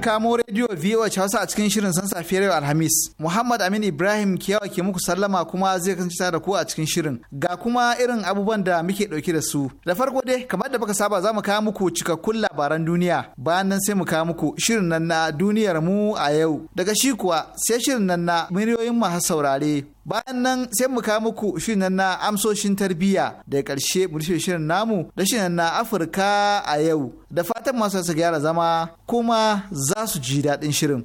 An kamo rediyo VOH Hausa a cikin shirin san safiyar yau Alhamis. Muhammad Amin Ibrahim Kiyawa ke muku sallama kuma zai kasance da ku a cikin shirin. Ga kuma irin abubuwan da muke ɗauke da su. Da farko dai kamar da baka saba za mu kawo muku cikakkun labaran duniya. Bayan nan sai mu kawo muku shirin nan na duniyar mu a yau. Daga shi kuwa sai shirin nan na miliyoyin masu saurare. bayan nan sai mu kawo muku shirin na amsoshin tarbiyya da karshe mu rufe shirin namu da shirin na afirka a yau da fatan masu su gyara zama kuma za su ji daɗin shirin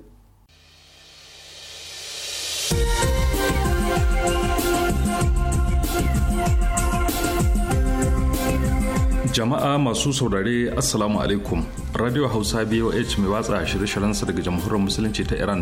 jama'a masu saurare assalamu alaikum radio hausa boh mai watsa shirye-shiryensa daga jamhuriyar musulunci ta iran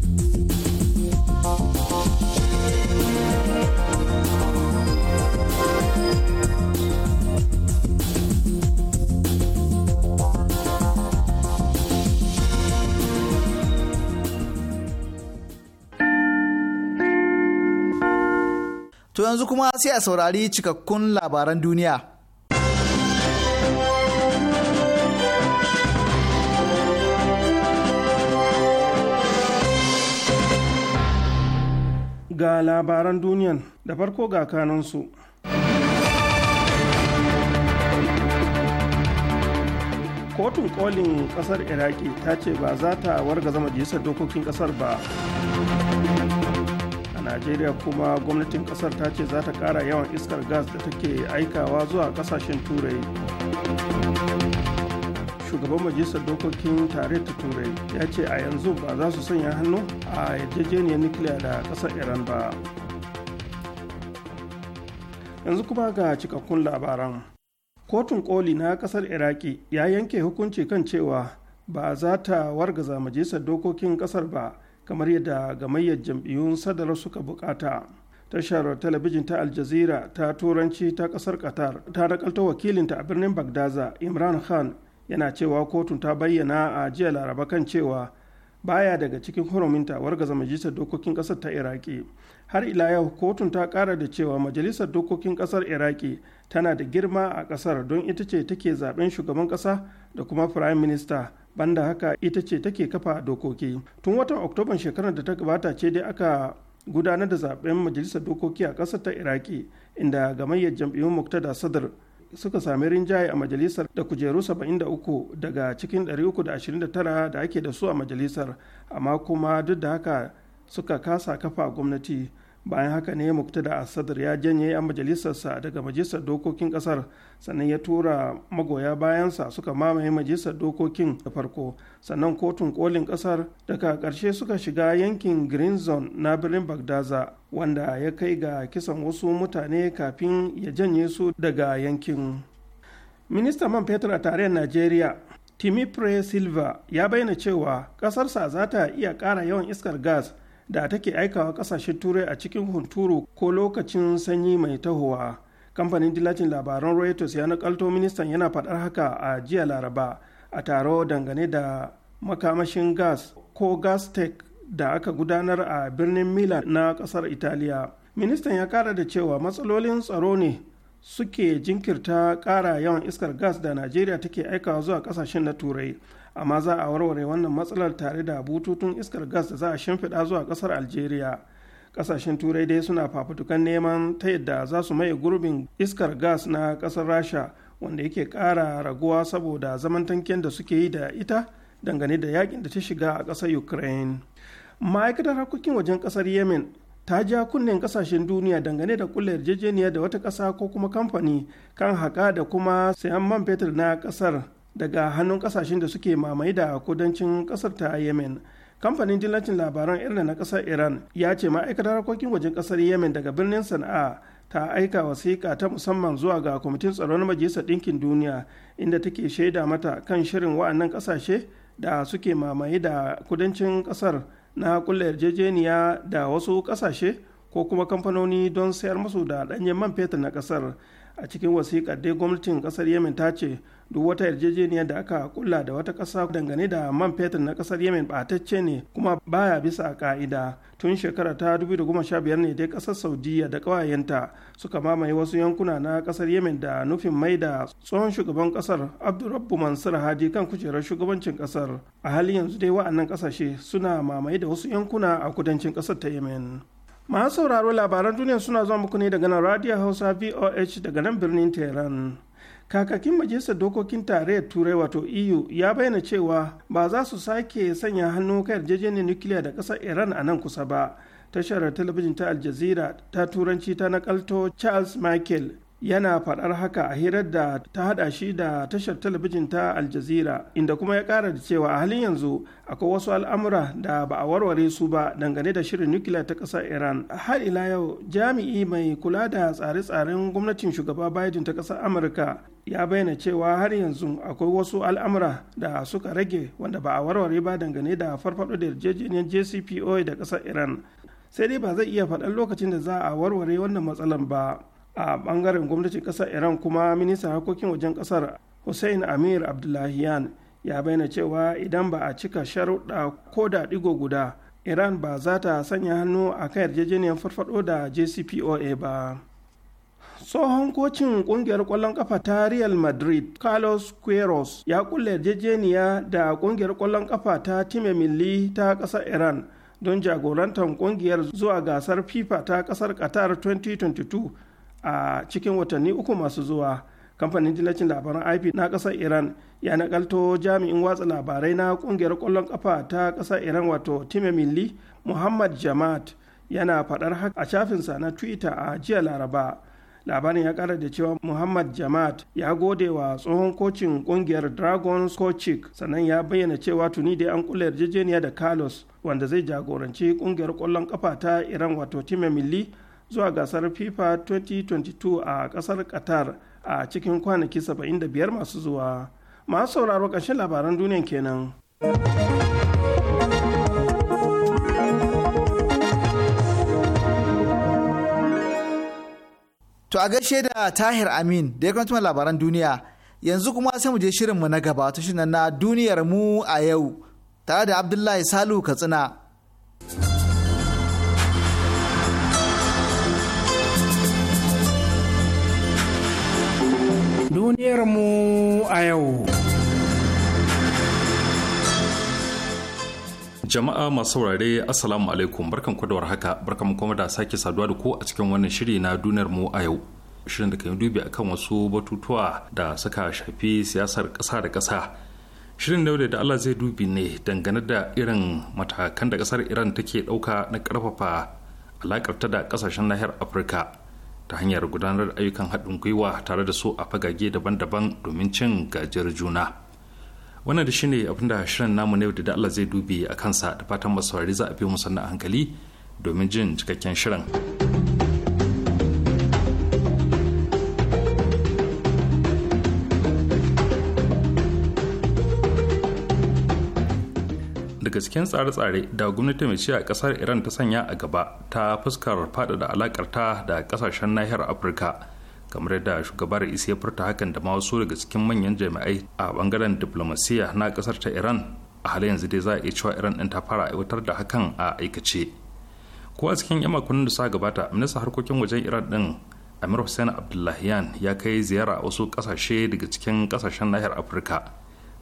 To yanzu kuma sai a saurari cikakkun labaran duniya. Ga labaran duniyan da farko ga kanansu. kotun kolin kasar iraki ta ce ba za ta warga zama majalisar dokokin kasar ba najeriya kuma gwamnatin kasar ta ce za ta kara yawan iskar gas da take aikawa zuwa kasashen turai shugaban majalisar dokokin tare ta turai ya ce a yanzu ba za su sanya hannu a yarjejeniyar nukiliya da kasar iran ba yanzu kuma ga cikakkun labaran kotun koli na kasar iraki ya yanke hukunci kan cewa ba za ta wargaza majalisar dokokin kasar ba kamar yadda gamayyar jam'iyyun sadarwar suka bukata tashar talabijin ta aljazira ta turanci ta kasar qatar ta rakalta wakilinta a birnin bagdaza imran khan yana cewa kotun ta bayyana a jiya laraba kan cewa baya daga cikin huruminta wargaza majalisar dokokin kasar ta iraki har ila yau kotun ta kara da cewa majalisar dokokin kasar iraki tana da girma a kasar don ita ce take zaben shugaban kasa da kuma firayim minista banda haka ita ce take kafa dokoki tun watan oktoban shekarar da ta gabata ce dai aka gudanar da zaben majalisar dokoki a ƙasar ta iraki inda gamayyar jam'iyyun muktada sadar suka sami rinjaye a majalisar da kujeru 73 daga cikin 329 da ake da su a majalisar amma kuma duk da haka suka kasa kafa gwamnati bayan haka ne muktada asadar ya janye a majalisarsa daga majalisar dokokin kasar sannan ya tura magoya bayansa suka mamaye majalisar dokokin da farko sannan kotun kolin kasar daga ƙarshe suka shiga yankin green zone na birnin bagdaza wanda ya kai ga kisan wasu mutane kafin ya janye su daga yankin minista man fetur a tarayyar najeriya timipre silva ya bayyana cewa ƙasarsa za ta iya kara yawan iskar gas da take aikawa kasashen turai a cikin hunturu ko lokacin sanyi mai tahowa kamfanin dilacin labaran reuters ya nakalto ministan yana faɗar haka a jiya laraba a taro dangane da makamashin gas ko gas tech da aka gudanar a birnin milan na kasar italiya ministan ya kara da cewa matsalolin tsaro ne suke jinkirta kara yawan iskar gas da najeriya take aikawa zuwa kasashen na turai amma za a warware wannan matsalar tare da bututun iskar gas da za a shimfiɗa zuwa ƙasar algeria ƙasashen turai dai suna fafutukan neman ta yadda za su maye gurbin iskar gas na ƙasar rasha wanda yake ƙara raguwa saboda zaman tanken da suke yi da ita dangane da yakin da ta shiga a ƙasar ukraine ma'aikatar harkokin wajen ƙasar yemen ta ja kunnen ƙasashen duniya dangane da kulle yarjejeniya da wata ƙasa ko kuma kamfani kan haƙa da kuma sayan man fetur na ƙasar daga hannun kasashen da suke mamaye da kudancin kasar ta yemen kamfanin dillacin labaran irin na kasar iran ya ce ma'aikatar harkokin wajen kasar yemen daga birnin sana'a ta aika wasiƙa ta musamman zuwa ga kwamitin tsaron na majalisar ɗinkin duniya inda take shaida mata kan shirin wa'annan kasashe da suke mamaye da kudancin kasar na kulla yarjejeniya da wasu ƙasashe ko kuma kamfanoni don sayar musu da ɗanyen man fetur na kasar a cikin wasiƙar dai gwamnatin kasar yemen ta ce duk wata yarjejeniyar da aka kulla da wata ƙasa dangane da man fetur na ƙasar yemen ɓatacce ne kuma baya bisa ƙa'ida tun shekara ta 2015 ne dai ƙasar saudiya da ƙawayenta suka mamaye wasu yankuna na ƙasar yemen da nufin mai da tsohon shugaban ƙasar abdurrabbu mansur hadi kan kujerar shugabancin ƙasar a halin yanzu dai wa'annan ƙasashe suna mamaye da wasu yankuna a kudancin ƙasar ta yemen masu sauraro labaran duniya suna zuwa muku ne daga nan radio hausa voh daga nan birnin tehran kakakin majalisar dokokin tarayyar turai wato eu ya bayyana cewa ba za su sake sanya hannu kan yarjejeniyar nukiliya da ƙasar iran a nan kusa ba tashar talabijin ta aljazira ta turanci ta nakalto charles michael yana faɗar haka a hirar da ta haɗa shi da tashar talabijin ta aljazira inda kuma ya ƙara da cewa a halin yanzu akwai wasu al'amura da ba a warware su ba dangane da shirin nukiliya ta ƙasar iran har ila yau jami'i mai kula da tsare-tsaren gwamnatin shugaba biden ta ƙasar amurka ya bayyana cewa har yanzu akwai wasu al'amura da suka rage wanda ba a warware ba dangane da farfaɗo da yarjejeniyar jcpoa da ƙasar iran sai dai ba zai iya faɗan lokacin da za a warware wannan matsalan ba a bangaren gwamnatin kasar iran kuma ministan harkokin wajen kasar hussein amir abdullahiyan ya bayyana cewa idan ba a cika sharuɗa ko da ɗigo guda iran ba za ta sanya hannu a kan yarjejeniyar farfado da jcpoa ba tsohon kocin kungiyar kwallon kafa ta real madrid carlos queiroz ya kulle yarjejeniya da kungiyar kwallon kafa ta time milli ta ƙasar iran don jagorantar kungiyar zuwa gasar fifa ta ƙasar qatar 2022 a cikin watanni uku masu zuwa kamfanin dillacin labaran ip na ƙasar iran ya nakalto jami'in watsa labarai na ƙungiyar ƙwallon ƙafa ta ƙasar iran wato time milli muhammad jamaat yana faɗar haka a shafinsa na twitter a jiya laraba labarin ya ƙara da cewa muhammad jamaat ya gode wa tsohon kocin ƙungiyar dragons kochik sannan ya bayyana cewa tuni da an kula yarjejeniya da carlos wanda zai jagoranci ƙungiyar ƙwallon ƙafa ta iran wato time milli zuwa gasar fifa 2022 a kasar qatar a cikin kwanaki 75 masu zuwa masu sauraro ƙarshen labaran duniyan kenan to a gaishe da tahir amin da ya kwantuma labaran duniya yanzu kuma sai mu je shirin mu na gaba ta shirin na duniyar mu a yau tare da abdullahi salu katsina. mu a yau. Jama'a masu saurare Assalamu alaikum barkan ku da warhaka barkan kuma da sake saduwa da ku a cikin wannan shiri na duniyar mu a yau. Shirin da kan dubi akan wasu batutuwa da suka shafi siyasar ƙasa da ƙasa. Shirin da da Allah zai dubi ne dangane da irin matakan da ƙasar Iran take ɗauka na ƙarfafa alakarta da ƙasashen nahiyar Afirka ta hanyar gudanar ayyukan haɗin gwiwa tare da su a fagage daban-daban domin cin gajiyar juna wannan da shine abin da shirin namu na da Allah zai dubi a kansa da fatan masu za a bi mu hankali domin jin cikakken shirin. daga cikin tsare-tsare da gwamnati mai ci a kasar iran ta sanya a gaba ta fuskar faɗaɗa alakarta da kasashen nahiyar afirka kamar yadda shugabar isi ya furta hakan da ma wasu daga cikin manyan jami'ai a bangaren diplomasiya na kasar ta iran a halin yanzu dai za a iya cewa iran ɗin ta fara aiwatar da hakan a aikace ko a cikin yan makonnin da suka gabata ministan harkokin wajen iran ɗin amir hussein abdullahiyan ya kai ziyara a wasu kasashe daga cikin kasashen nahiyar afirka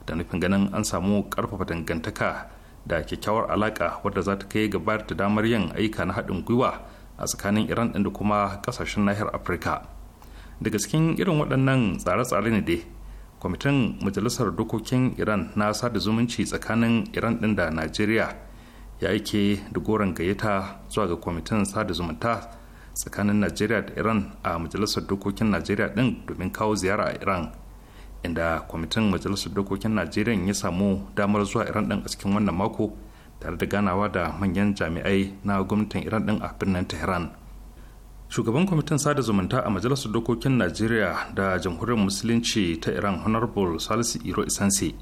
da nufin ganin an samu karfafa dangantaka da kyakkyawar alaka wadda za ta kai gabar da damar yin aika na haɗin gwiwa a tsakanin iran ɗin da kuma ƙasashen nahiyar afirka daga cikin irin waɗannan tsare-tsare ne dai kwamitin majalisar dokokin iran na sada zumunci tsakanin iran ɗin da najeriya ya ke da goron gayyata zuwa ga kwamitin sada zumunta tsakanin najeriya da iran a majalisar dokokin najeriya ɗin domin kawo ziyara a iran inda kwamitin majalisar dokokin najeriya ya samu damar zuwa iran din a cikin wannan mako tare da ganawa da manyan jami'ai na gwamnatin iran din a birnin tehran shugaban kwamitin sada zumunta a majalisar dokokin najeriya da jamhuriyar musulunci ta iran honorable salisu iro isanse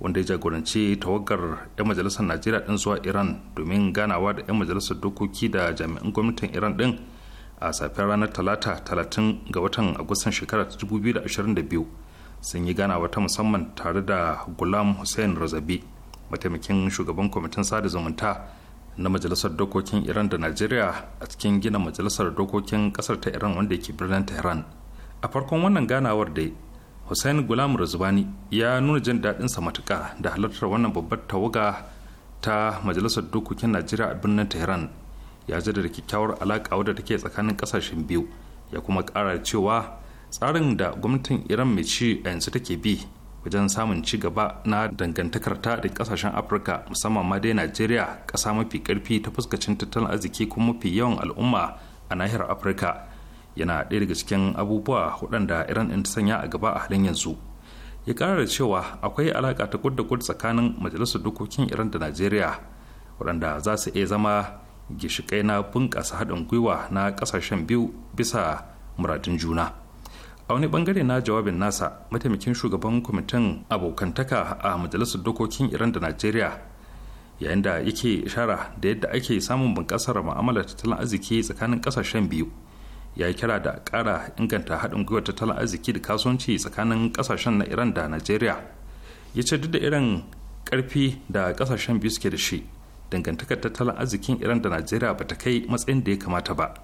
wanda ya jagoranci tawagar 'yan majalisar najeriya din zuwa iran domin ganawa da 'yan majalisar dokoki da jami'an gwamnatin iran din a safiyar ranar talata 30 ga watan agustan shekarar 2022 sun yi ganawa ta musamman tare da gulam hussein razabi mataimakin shugaban kwamitin sada zumunta na majalisar dokokin iran da najeriya a cikin gina majalisar dokokin kasar ta iran wanda ke birnin tehran a farkon wannan ganawar da hussein gulam razubani ya nuna jin sa matuƙa da halartar wannan babbar tawaga ta majalisar dokokin najeriya a birnin tehran ya da kyakkyawar alaƙa wadda take tsakanin ƙasashen biyu ya kuma ƙara cewa tsarin da gwamnatin iran mai ci a yanzu take bi wajen samun ci gaba na dangantakarta da kasashen afirka musamman ma dai najeriya ƙasa mafi ƙarfi ta fuskacin tattalin arziki kuma mafi yawan al'umma a nahiyar afirka yana ɗaya daga cikin abubuwa waɗanda iran ɗin ta sanya a gaba a halin yanzu ya ƙara da cewa akwai alaƙa ta kud da kud tsakanin majalisar dokokin iran da najeriya waɗanda za su iya zama gishikai na bunƙasa haɗin gwiwa na ƙasashen biyu bisa muradun juna. a wani bangare na jawabin nasa mataimakin shugaban kwamitin abokantaka a majalisar dokokin iran da najeriya yayin da yake ishara da yadda ake samun bunƙasar ma'amalar tattalin arziki tsakanin ƙasashen biyu ya yi kira da ƙara inganta haɗin gwiwar tattalin arziki da kasuwanci tsakanin ƙasashen na iran da najeriya ya ce duk da irin ƙarfi da ƙasashen biyu suke da shi dangantakar tattalin arzikin iran da najeriya ba ta kai matsayin da ya kamata ba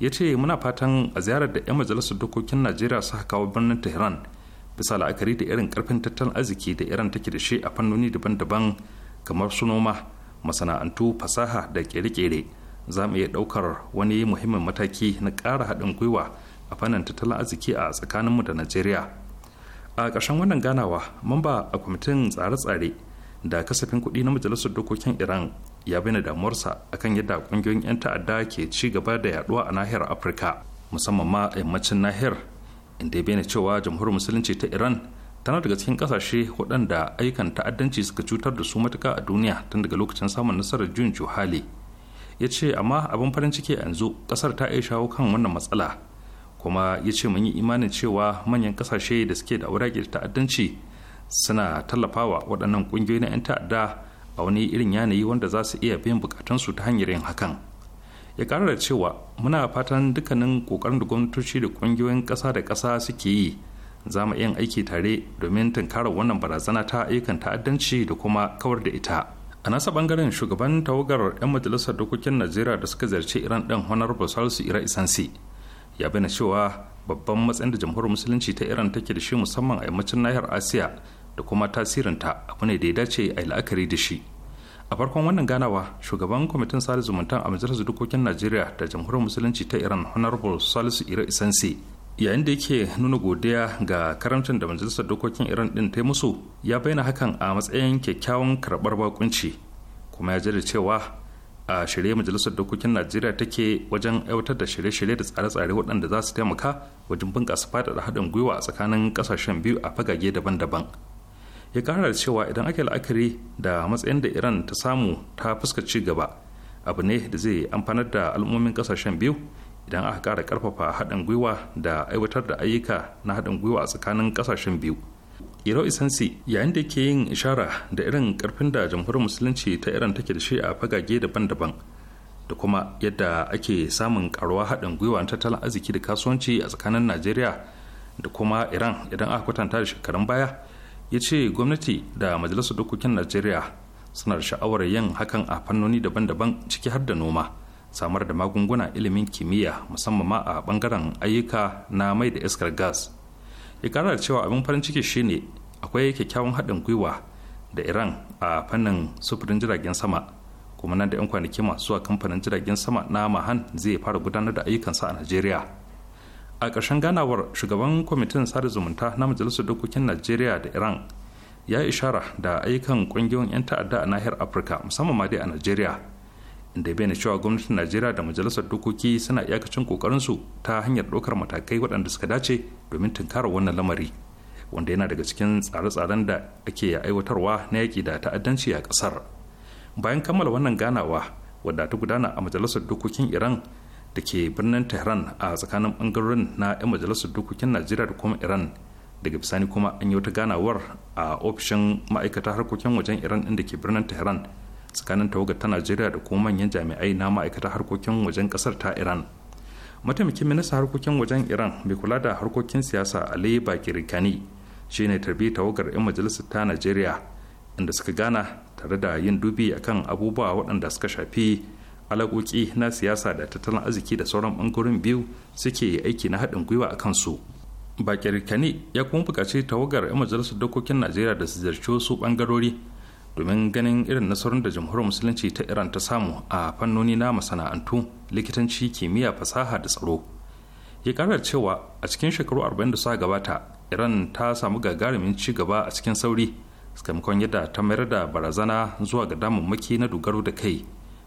ya ce muna fatan a ziyarar da 'yan majalisar dokokin najeriya suka kawo birnin tehran bisa la'akari da irin karfin tattalin arziki da iran take da shi a fannoni daban-daban kamar su noma masana'antu fasaha da kere-kere za mu iya daukar wani muhimmin mataki na ƙara haɗin gwiwa a fannin tattalin arziki a tsakaninmu da najeriya a ƙarshen wannan ganawa mamba a kwamitin tsare-tsare da kasafin kuɗi na majalisar dokokin iran ya bai na damuwarsa a kan yadda ƙungiyoyin 'yan ta'adda ke ci gaba da yaduwa a nahiyar afirka musamman ma yammacin nahiyar inda ya bayyana cewa jamhuriyar musulunci ta iran tana daga cikin kasashe waɗanda ayyukan ta'addanci suka cutar da su matuka a duniya tun daga lokacin samun nasarar juyin juhali ya ce amma abin farin ciki a yanzu ƙasar ta iya shawo kan wannan matsala kuma ya ce mun yi imanin cewa manyan kasashe da suke da wurage da ta'addanci suna tallafawa waɗannan ƙungiyoyi na 'yan ta'adda a wani irin yanayi wanda za su iya biyan bukatunsu ta hanyar yin hakan ya ƙara da cewa muna fatan dukkanin ƙoƙarin da gwamnatoci da ƙungiyoyin ƙasa da ƙasa suke yi za mu yin aiki tare domin tunkarar wannan barazana ta ayyukan ta'addanci da kuma kawar da ita a nasa bangaren shugaban tawagar 'yan majalisar dokokin najeriya da suka ziyarci iran ɗin honar basal su ira isansi ya bayyana cewa babban matsayin da jamhuriyar musulunci ta iran take da shi musamman a yammacin nahiyar asiya da kuma tasirinta abu ne da ya dace a yi la'akari da shi a farkon wannan ganawa shugaban kwamitin sada zumuntan a majalisar dokokin najeriya da jamhuriyar musulunci ta iran honorable salisu ira isansi yayin da yake nuna godiya ga karamcin da majalisar dokokin iran din ta musu ya bayyana hakan a matsayin kyakkyawan karɓar bakunci kuma ya jira cewa a shirye majalisar dokokin najeriya take wajen aiwatar da shirye-shirye da tsare-tsare waɗanda za su taimaka wajen bunƙasa faɗaɗa haɗin gwiwa a tsakanin ƙasashen biyu a fagage daban-daban ya kara da cewa idan ake la'akari da matsayin da iran ta samu ta fuska ci gaba abu ne da zai amfanar da al'ummomin kasashen biyu idan aka kara karfafa haɗin gwiwa da aiwatar da ayyuka na haɗin gwiwa a tsakanin kasashen biyu iro isansi yayin da ke yin ishara da irin karfin da jamhuriyar musulunci ta iran take da shi a fagage daban-daban da kuma yadda ake samun karuwa haɗin gwiwa na tattalin arziki da kasuwanci a tsakanin najeriya da kuma iran idan aka kwatanta da shekarun baya ya ce gwamnati da majalisar dokokin najeriya suna da sha'awar yin hakan a fannoni daban-daban ciki har da noma samar da magunguna ilimin kimiyya musamman ma a bangaren ayyuka na mai da iskar gas ya kara da cewa abin farin ciki shine akwai kyakkyawan haɗin gwiwa da iran a fannin sufurin jiragen sama kuma nan da 'yan kwanaki masu zuwa kamfanin jiragen sama na mahan zai fara gudanar da ayyukansa a najeriya a ƙarshen ganawar shugaban kwamitin sada zumunta na majalisar dokokin najeriya da iran ya ishara da ayyukan ƙungiyoyin 'yan ta'adda a nahiyar afirka musamman ma dai a najeriya inda bai cewa gwamnatin najeriya da majalisar dokoki suna iyakacin ƙoƙarinsu ta hanyar ɗaukar matakai waɗanda suka dace domin tunkarar wannan lamari wanda yana daga cikin tsare-tsaren da ake aiwatarwa na yaƙi da ta'addanci a ƙasar bayan kammala wannan ganawa wadda ta gudana a majalisar dokokin iran da ke birnin tehran a tsakanin bangarorin na 'yan majalisar dokokin najeriya da kuma iran daga bisani kuma an yi wata ganawar a ofishin ma'aikata harkokin wajen iran inda ke birnin tehran tsakanin tawagar ta najeriya da kuma manyan jami'ai na ma'aikata harkokin wajen kasar ta iran mataimakin minista harkokin wajen iran mai kula da harkokin siyasa ali bakir kani shine tarbi tawagar 'yan majalisar ta najeriya inda suka gana tare da yin dubi akan abubuwa waɗanda suka shafi alaƙoƙi na siyasa da tattalin arziki da sauran ɓangarorin biyu suke aiki na haɗin gwiwa a kansu bakir Kani ya kuma buƙaci tawagar 'yan majalisar dokokin najeriya da su ziyarci wasu ɓangarori domin ganin irin nasarar da jamhuriyar musulunci ta iran ta samu a fannoni na masana'antu likitanci kimiyya fasaha da tsaro ya ƙara cewa a cikin shekaru arba'in da suka gabata iran ta samu gagarumin ci gaba a cikin sauri sakamakon yadda ta mayar da barazana zuwa ga damammaki na dogaro da kai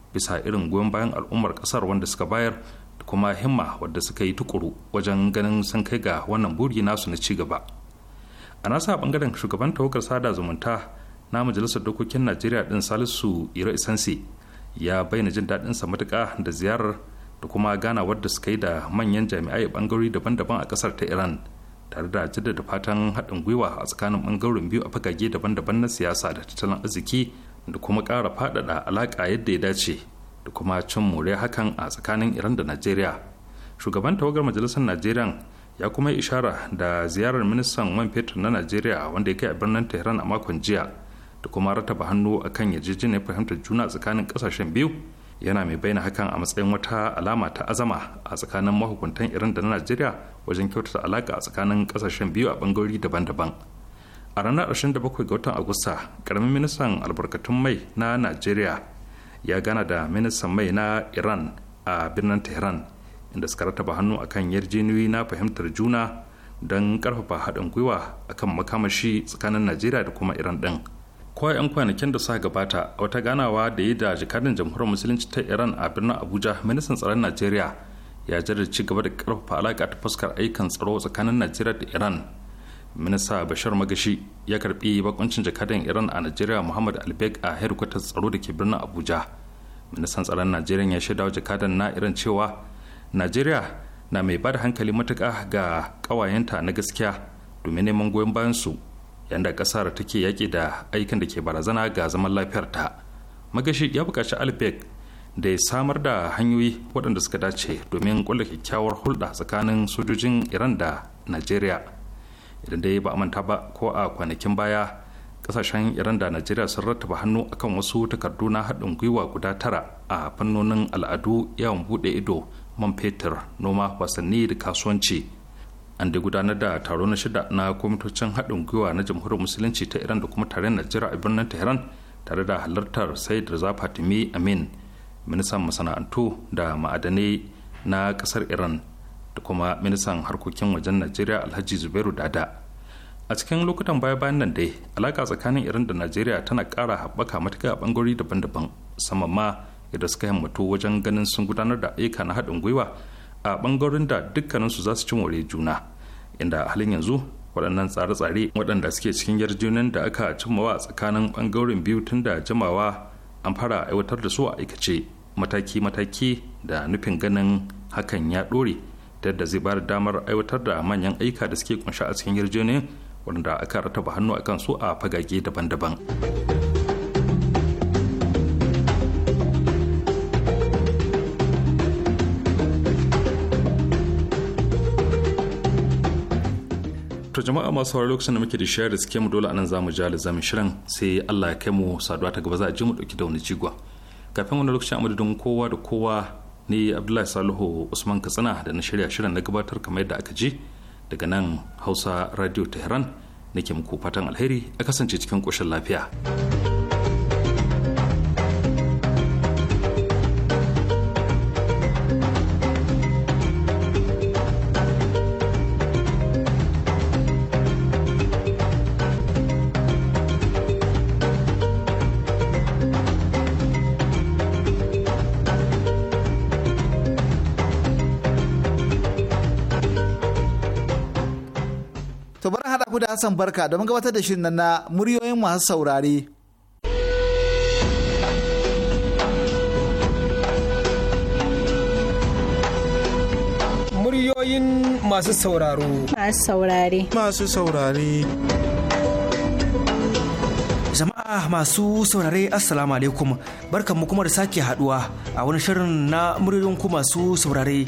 bisa irin goyon bayan al'ummar kasar wanda suka bayar da kuma himma wadda suka yi tukuru wajen ganin sun kai ga wannan buri nasu na ci gaba a nasa bangaren shugaban tawagar sada zumunta na majalisar dokokin najeriya din salisu ira isansi ya bayyana jin daɗin sa matuka da ziyarar da kuma gana wadda suka yi da manyan jami'ai bangarori daban-daban a ƙasar ta iran tare da jaddada fatan haɗin gwiwa a tsakanin bangarorin biyu a fagage daban-daban na siyasa da tattalin arziki da kuma ƙara faɗaɗa alaƙa yadda ya dace da kuma cin more hakan a tsakanin iran da najeriya shugaban tawagar majalisar najeriya ya kuma ishara da ziyarar ministan man fetur na najeriya wanda ya kai a birnin tehran a makon jiya da kuma rataba hannu akan yarjejeniyar fahimtar juna tsakanin kasashen biyu yana mai bayyana hakan a matsayin wata alama ta azama a tsakanin mahukuntan iran da na najeriya wajen kyautata alaƙa a tsakanin kasashen biyu a bangarori daban-daban a ranar 27 ga watan agusta karamin ministan albarkatun mai na najeriya ya gana da ministan mai na iran a birnin tehran inda suka rataba hannu akan yarjejeniyoyi na fahimtar juna don karfafa haɗin gwiwa akan makamashi tsakanin najeriya da kuma iran ɗin kowa 'yan kwanakin da suka gabata a wata ganawa da yi da jikadin jamhuriyar musulunci ta iran a birnin abuja ministan tsaron najeriya ya ci gaba da karfafa alaƙa ta fuskar aikin tsaro tsakanin najeriya da iran minista bashar magashi ya karbi bakuncin jakadan iran a najeriya muhammad albek a hedkwatar tsaro da ke birnin abuja ministan tsaron najeriya ya shaida wa jakadan na iran cewa najeriya na mai ba da hankali matuka ga kawayenta na gaskiya domin neman goyon bayan su yanda kasar take yaƙi da aikin da ke barazana ga zaman lafiyarta magashi ya buƙaci albek da ya samar da hanyoyi waɗanda suka dace domin ƙulla kyakkyawar hulɗa tsakanin sojojin iran da najeriya idan dai ba a manta ba ko a kwanakin baya kasashen iran da najeriya sun rattaba hannu akan wasu takardu na haɗin gwiwa guda tara a fannonin al'adu yawon buɗe ido man fetur noma wasanni da kasuwanci an da gudanar da taro na shida na kwamitocin haɗin gwiwa na jamhuriyar musulunci ta iran da kuma tare najeriya a birnin tehran tare da halartar sai da zafatimi amin ministan masana'antu da ma'adanai na ƙasar iran da kuma ministan harkokin wajen najeriya alhaji zubairu dada a cikin lokutan baya bayan nan dai alaka tsakanin iran da najeriya tana kara haɓaka matuka a bangarori daban-daban musamman ma yadda suka himmatu wajen ganin sun gudanar da ayyuka na haɗin gwiwa a bangarorin da dukkaninsu za su cin ware juna inda halin yanzu waɗannan tsare-tsare waɗanda suke cikin yarjejeniyar da aka cimmawa tsakanin bangarorin biyu tun da jimawa an fara aiwatar da su a aikace mataki-mataki da nufin ganin hakan ya ɗore da yadda zai bayar damar aiwatar da manyan aika da suke kunshi a cikin yarjejeniya wanda aka rataba hannu a kansu a fagage daban-daban. to jama'a masu sauraro lokacin da muke da shayar da suke mu dole anan za mu ja lizamin shirin sai Allah ya kai mu saduwa ta gaba za a ji mu dauki da wani jigwa kafin wani lokacin amadadin kowa da kowa ni abdullahi salihu usman katsina da na shirya shirin na gabatar kamar yadda aka ji daga nan hausa radio tehran nake muku fatan alheri a kasance cikin koshin lafiya. ku da Hassan Barka don gabatar da shirin na muryoyin masu saurare. Muryoyin masu sauraro. Masu saurare. Masu saurare. Jama'a masu saurare Assalamu alaikum barkanmu kuma da sake haduwa a wani shirin na muryoyin ku masu saurare.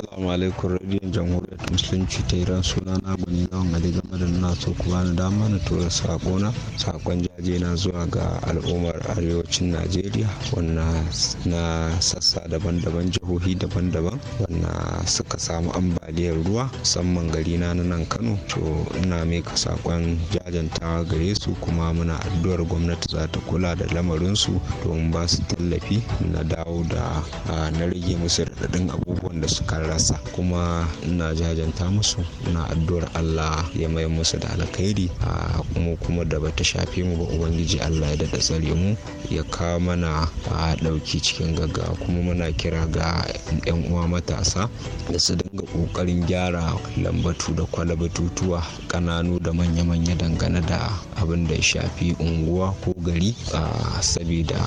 Assalamu alaikum radiyon jamhuriyar musulunci ta Iran suna na gwani da Ali game da na so ku bani dama na tura sakona sakon jaje na zuwa ga al'ummar arewacin Najeriya wannan na sassa daban-daban jihohi daban-daban wannan suka samu ambaliyar ruwa musamman gari na nan Kano to ina mika sakon jajantawa gare su kuma muna addu'ar gwamnati za ta kula da lamarin su domin ba su tallafi na dawo da na rage musu raɗaɗin abubuwan da suka rasa ƙasa kuma ina jajanta musu ina addu'ar Allah ya mai musu da alkhairi a mu kuma da bata shafe mu ba ubangiji Allah ya dada tsare mu ya kawo mana a ɗauki cikin gaggawa kuma muna kira ga 'yan uwa matasa da su dinga ƙoƙarin gyara lambatu da kwalabatutuwa kananu da manya-manya dangane da abin da ya shafi unguwa ko gari saboda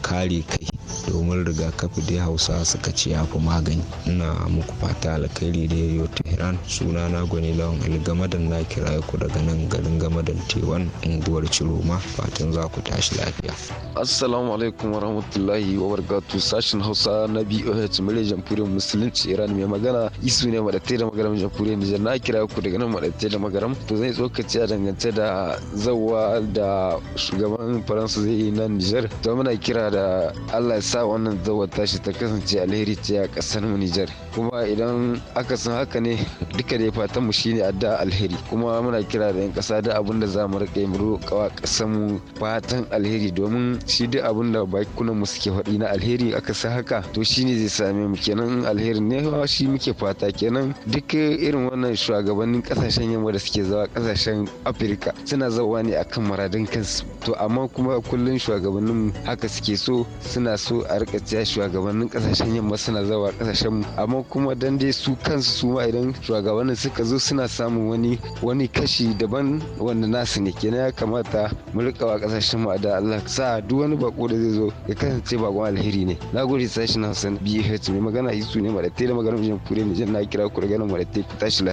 kare kai domin rigakafi dai hausa suka ce ya fi magani ina muku fata alkhairi da yau tehran suna na gwani lawan algamadan na kira ku daga nan garin gamadan tewan unguwar ciroma fatan za ku tashi lafiya assalamu alaikum wa rahmatullahi wa barakatu sashen hausa na boh murya jamhuriyar musulunci iran mai magana isu ne madatai da magaram jamhuriyar nijar na kira ku daga nan madatai da magaram to zai tsokaci a dangance da zawa da shugaban faransa zai yi nan nijar to muna kira da allah sa wannan zawar tashi ta kasance alheri ce a kasar mu Nijar kuma idan aka san haka ne duka ya fatan mu shine adda alheri kuma muna kira da yan kasa da abin da zamu rike mu rokawa kasar mu fatan alheri domin shi duk abin da bakunan mu suke faɗi na alheri aka san haka to shine zai same mu kenan alheri ne shi muke fata kenan duk irin wannan shugabannin kasashen yamma da suke zawa kasashen Afirka suna zawa ne akan maradin kansu to amma kuma kullun shugabannin haka suke so suna so a rika cewa shugabannin kasashen yamma suna zawa kasashen amma kuma dan dai su kansu su ma idan shugabannin suka zo suna samun wani wani kashi daban wanda nasu ne kenan ya kamata mu rika wa kasashen mu da Allah sa duk wani bako da zai zo ya kasance bakon alheri ne nagode na Hassan BH mai magana isu ne mara da maganar mijin kure ne na kira ku daga nan maratai ku tashi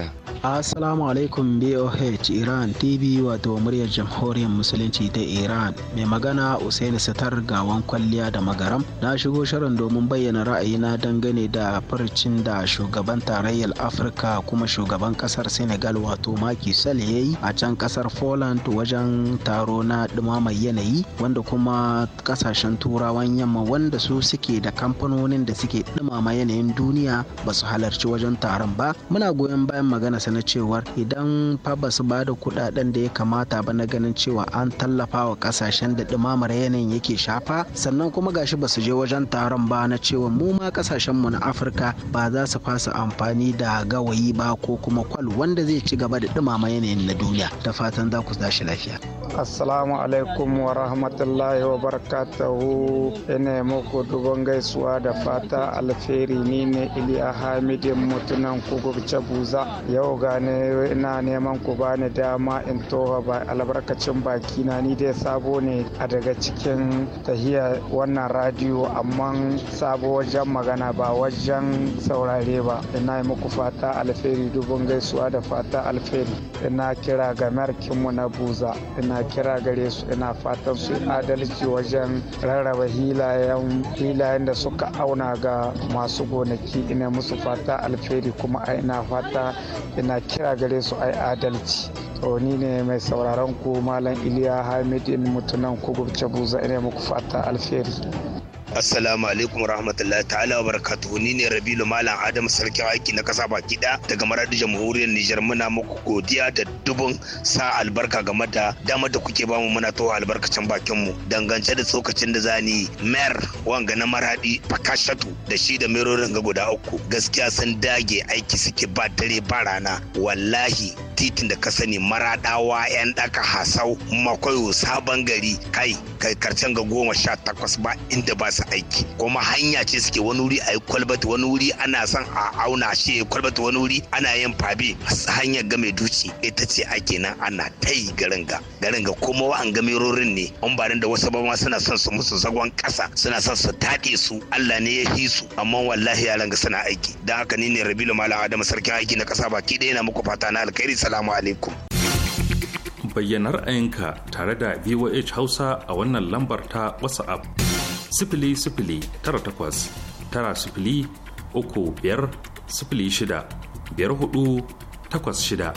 assalamu alaikum BOH Iran TV wato muryar jamhuriyar musulunci ta Iran mai magana Usaini Satar gawan kwalliya da magaram na shigo shirin domin bayyana ra'ayina dangane da farcin da shugaban tarayyar afirka kuma shugaban kasar senegal wato maki ya yi a can kasar poland wajen taro na ɗumamar yanayi wanda kuma kasashen turawan yamma wanda su suke da kamfanonin da suke dumama yanayin duniya ba su halarci wajen taron ba muna goyon bayan magana na cewar idan fa ba su ba da kuɗaɗen da ya kamata ba na ganin cewa an tallafa wa kasashen da dumamar yanayin yake shafa sannan kuma gashi ba su je je wajen taron ba na cewa mu ma kasashenmu na afirka ba za su fasa amfani da gawayi ba ko kuma kwal wanda zai ci gaba da dumama yanayin na duniya da fatan za ku tashi lafiya assalamu alaikum wa rahmatullahi wa barakatuhu ina muku dubon gaisuwa da fata alferi ni ne iliya hamidin mutunan kugurce buza yau gane ina neman ku bani dama in toha ba albarkacin baki na ni dai sabo ne a daga cikin tahiya wannan radio rediyo amma sabo wajen magana ba wajen saurare ba ina yi muku fata alferi dubun gaisuwa da fata alferi ina kira ga markinmu na buza ina kira gare su ina fatan su adalci wajen rarraba hilayen da suka auna ga masu gonaki ina musu fata alferi kuma ina fata ina kira gare su ai adalci ni ne mai sauraron ku malam iliya hamidin mutunan kugurce buza ina muku fata alferi Assalamu alaikum rahmatullahi ta'ala wa barakatuhu ni ne Rabilu Malam Adam sarkin aiki na kasa baki da daga maradin jamhuriyar Nijar muna muku godiya da dubun sa albarka game da mata da kuke bamu muna to albarkacin bakin mu dangance da tsokacin da zani mayor wanga na maradi Fakashatu da shi da merorin ga guda uku gaskiya sun dage aiki suke ba dare ba rana wallahi titin da ka sani maradawa yan daka hasau makoyo sabon gari kai kai karcen ga goma sha takwas ba inda ba aiki kuma hanya ce suke wani wuri a yi kwalbati wani wuri ana son a auna shi kwalbati wani wuri ana yin masu hanyar game duci ita ce ake nan ana ta yi garin ga garin ga kuma wa'an gamerorin ne an ba da wasu ba ma suna son su musu zagon kasa suna son su taɗe su Allah ne ya fi su amma wallahi yaran ga suna aiki don haka ni ne Rabilu Malam Adamu sarkin aiki na kasa baki ɗaya na muku fata na alkhairi salamu alaikum bayyana ra'ayinka tare da voh hausa a wannan lambar ta whatsapp sifili sifili tara takwas tara sifili uku biyar sifili shida biyar hudu takwas shida.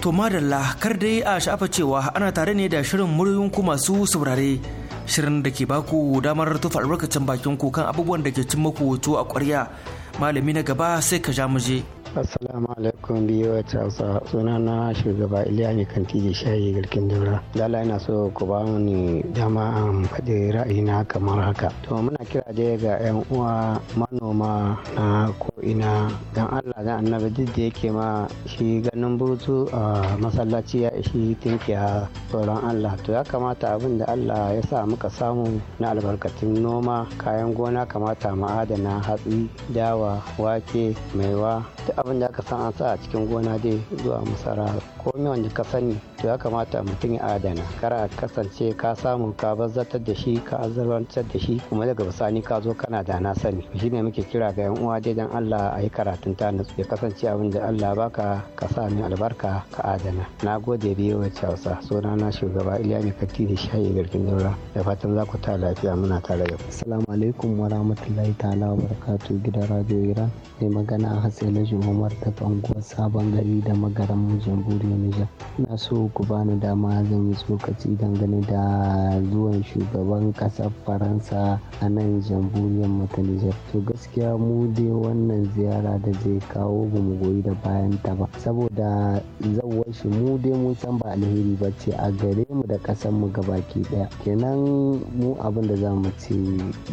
To madalla kar dai a sha'afa cewa ana tare ne da shirin muryoyin ku masu saurare shirin da ke baku damar tufa albarkacin bakin ku kan abubuwan da ke cin maku wato a ƙwarya malami na gaba sai ka ja muje. assalamu alaikum biyu ta hausa suna na shugaba iliya ne kan tije shayi garkin daura dala ina so ku ba ni dama an faɗi ra'ayina kamar haka to muna kira dai ga yan uwa manoma na ko'ina don allah da annabi duk da yake ma shi ganin butu a masallaci ya ishi a tsoron allah to ya kamata abin da allah ya sa muka samu na albarkatun noma kayan gona kamata mu adana hatsi dawa wake maiwa abin da aka san an sa a cikin gona dai zuwa masara komai wanda ka sani to ya kamata mutum ya adana kara kasance ka samu ka bazzatar da shi ka azabantar da shi kuma daga bisani ka zo kana da na sani shi ne muke kira ga yan uwa dai dan Allah a yi karatun ta nutsu ya kasance abin da Allah baka ka sa mai albarka ka adana na gode biyo wa hausa Sunana na shugaba Iliya ne kanti da shayi garkin daura da fatan za ku ta lafiya muna tare da ku assalamu alaikum wa rahmatullahi ta'ala wa barakatuh gidan radio Iran mai magana a hasiyar Umar martaban unguwar Sabon Gari da Magaran Jamhuriyar Nijar. na so ku bani dama zan yi tsokaci dangane da zuwan shugaban ƙasar Faransa a nan jamhuriyar mu ta Nijar. To gaskiya mu dai wannan ziyara da zai kawo ba mu goyi da bayan ta ba. Saboda zauwar shi mu dai mun san ba alheri ba ce a gare mu da kasar mu gabaki daya Kenan mu abin da za mu ce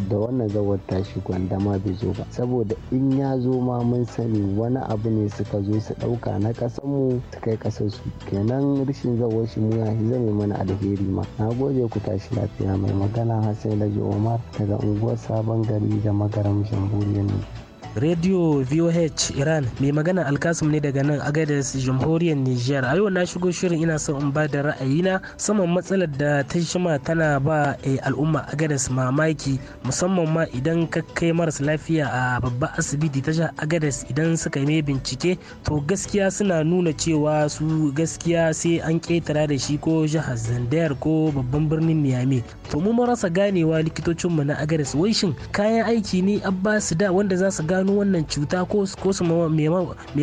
da wannan zawar tashi gwandama bai zo ba. Saboda in ya zo ma mun sani wani abu ne suka zo su ɗauka na ƙasar mu su kai ƙasar su kenan rashin zawar shi mu yahi zame mana alheri ma na gode ku tashi lafiya mai magana hasai laji omar daga unguwar sabon gari da magaram ne. Radio VOH Iran mai magana Alkasim ne daga nan Agadez Jamhuriyar Nijar. A yau na shigo shirin ina son in ba da ra'ayina saman matsalar da ta shima tana ba eh, al'umma Agadez mamaki musamman ma idan ka kai maras lafiya a babban asibiti ta jihar Agadez idan suka yi bincike to gaskiya suna nuna cewa su gaskiya sai an ketara da shi ko jihar Zandayar ko babban birnin Niamey. To mu marasa ganewa likitocinmu na Agadez wai shin kayan aiki ne Abbas da wanda za su gano gano wannan cuta ko su mai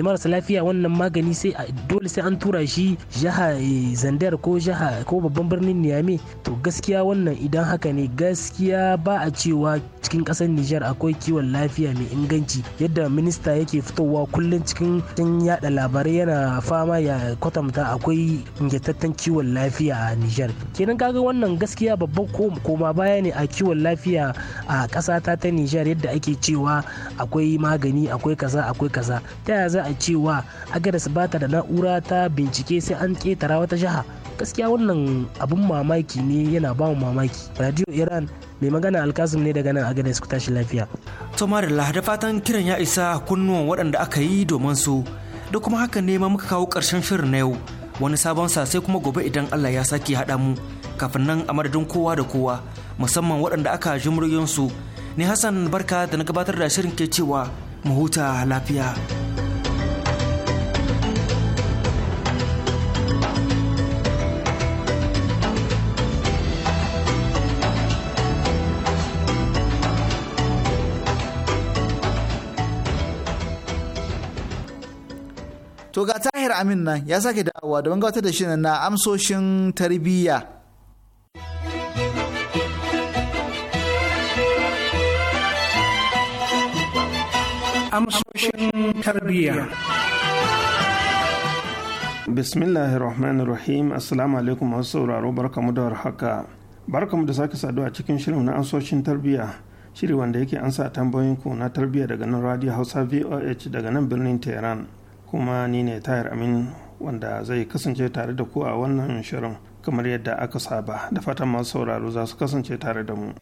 marasa lafiya wannan magani sai dole sai an tura shi jaha eh, zandar ko jaha ko babban birnin niyami to gaskiya wannan idan haka ne gaskiya ba a cewa cikin kasar niger akwai kiwon lafiya mai inganci yadda minista yake fitowa kullum cikin can yada labarai yana fama ya kwatanta akwai ingantattun kiwon lafiya a niger kenan kaga wannan gaskiya babban koma baya ne a kiwon lafiya a ƙasa ta ta nijar yadda ake cewa akwai yi magani akwai kaza akwai kaza ta yaya za a cewa agadas ba ta da na'ura ta bincike sai an ketara wata jiha gaskiya wannan abun mamaki ne yana ba mu mamaki radio iran mai magana alkazum ne daga nan agadas ku tashi lafiya to marilla da fatan kiran ya isa kunnuwan waɗanda aka yi domin su da kuma haka ne ma muka kawo karshen shirin na yau wani sabon sa sai kuma gobe idan allah ya sake haɗa mu kafin nan a madadin kowa da kowa musamman waɗanda aka ji muryoyinsu ni hassan barka da na gabatar da shirin ke cewa mu huta lafiya To ga Tahir Amin ya sake dawowa da wata da shirin na amsoshin tarbiyya. amsoshin tarbiyya. rahim Assalamu alaikum masu sauraro barkamu da warhaka. Barkamu da sake saduwa cikin shirin na amsoshin tarbiyya. Shiri wanda yake ansa tambayoyin ku na tarbiyya daga nan Radio Hausa VOH daga nan birnin Tehran. Kuma ni ne Tahir Amin wanda zai kasance tare da ku a wannan shirin kamar yadda aka saba da fatan masu sauraro za su kasance tare da mu.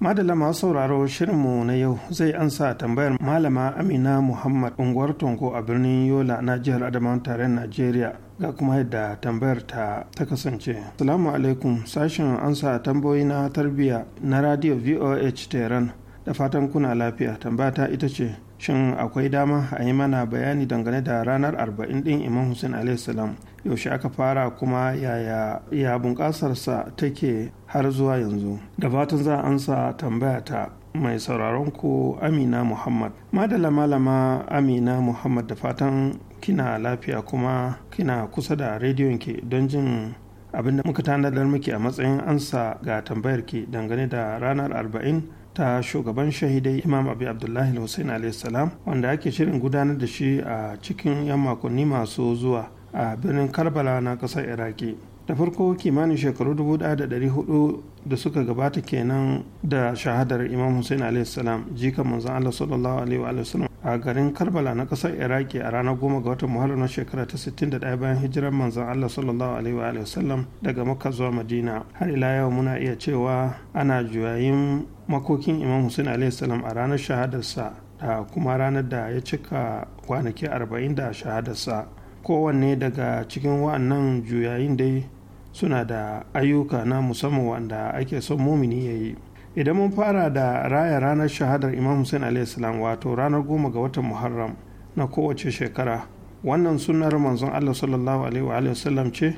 madala masu sauraro shirinmu na yau zai ansa tambayar malama amina muhammad unguwar tongo a birnin yola na jihar adamawa tarayyar najeriya ga kuma yadda tambayar ta ta kasance salamu alaikum sashen ansa tambayoyi na tarbiyya na radio voh tehran da fatan kuna lafiya tambata ita ce shin akwai dama a yi mana bayani dangane da ranar arba'in din imam hussein alaihissalam yaushe aka fara kuma yaya ya bunƙasarsa take har zuwa yanzu da fatan za a ansa tambaya ta mai sauraron ku amina muhammad madala malama amina muhammad da fatan kina lafiya kuma kina kusa da rediyon ki don jin abin da muka tanadar miki a matsayin ansa ga tambayar ki dangane da ranar arba'in ta shugaban shahidai imam abi abdullahi hussein salam wanda ake shirin gudanar da shi a cikin 'yan makonni masu zuwa a birnin karbala na ƙasar iraki da farko kimanin shekaru dubu da da suka gabata kenan da shahadar imam hussein a.s. jikan manzan allah sallallahu alaihi wa sallam a garin karbala na ƙasar iraki a ranar goma ga watan muharram na shekara ta 61 bayan hijirar manzan allah sallallahu alaihi wa sallam daga makka zuwa madina har ila yau muna iya cewa ana juyayin makokin imam hussein a.s. a ranar shahadarsa da kuma ranar da ya cika kwanaki 40 da shahadarsa kowanne daga cikin wa'annan juyayin dai suna da ayyuka na musamman wanda ake son mumini ya yi idan mun fara da raya ranar shahadar imam hussein alaihissalam wato ranar goma ga watan muharram na kowace shekara wannan sunar manzon allah sallallahu alaihi wasallam ce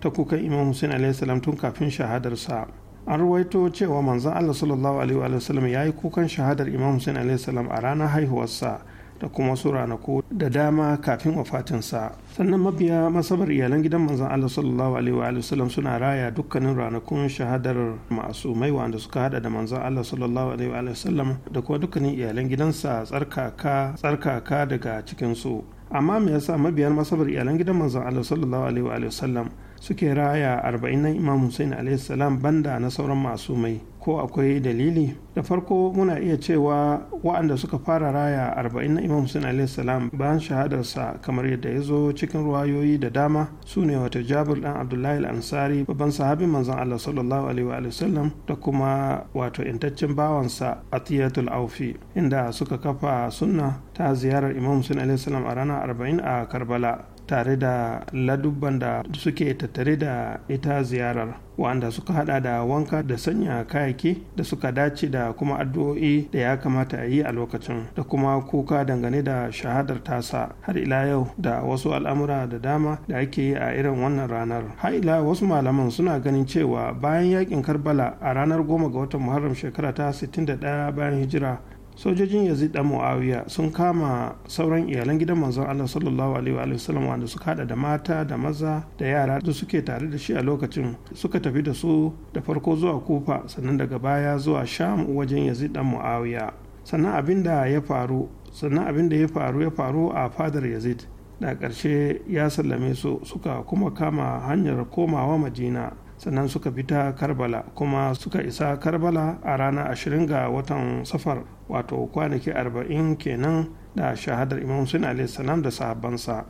ta kukan imam hussein alaihissalam tun kafin shahadarsa an ruwaito cewa manzon allah sallallahu alaihi wasallam ya yi kukan shahadar imam hussein alaihissalam a ranar haihuwarsa da kuma su ranaku da dama kafin wafatinsa sannan mabiya masabar iyalan gidan manzon Allah sallallahu alaihi wa sallam suna raya dukkanin ranakun shahadar ma'asumai wanda suka hada da manzon Allah sallallahu alaihi wa sallam da kuma dukkanin iyalan gidansa tsarkaka tsarkaka daga cikin su amma me yasa mabiyan masabar iyalan gidan manzon Allah sallallahu alaihi wa sallam suke raya arba'in na Imam Hussein alaihi salam banda na sauran masumai ko akwai dalili da farko muna iya cewa wa'anda suka fara raya arba'in na imam hussein salam bayan shahadarsa kamar yadda ya zo cikin ruwayoyi da dama su ne wata jabir dan abdullahi ansari babban sahabin manzon allah sallallahu alaihi wa sallam da kuma wato intaccen bawansa atiyatul aufi inda suka kafa sunna ta ziyarar imam alaihi salam a ranar arba'in a karbala tare da ladubban da suke tattare da ita ziyarar wanda suka hada da wanka da sanya kayayyaki da suka dace da kuma addu'o'i da ya kamata a yi a lokacin da kuma kuka dangane da shahadar tasa har ila yau da wasu al'amura da dama da ake yi a irin wannan ranar har ila wasu malaman suna ganin cewa bayan yakin karbala a ranar goma ga watan muharram shekara ta 61 bayan hijira sojojin yazid da muawiya sun kama sauran iyalan gidan manzon allah sallallahu alaihi wa sallam wanda suka hada da mata da maza da yara da suke tare da shi a lokacin suka tafi da su da farko zuwa kufa sannan daga baya zuwa sham wajen yazid da muawiya sannan abin da ya faru sannan abin da ya faru ya faru a fadar yazid da ƙarshe ya sallame su suka kuma kama hanyar komawa madina sannan suka fita karbala kuma suka isa karbala a rana ashirin ga watan safar wato kwanaki arba'in kenan da shahadar imam Hussein salam da sahabbansa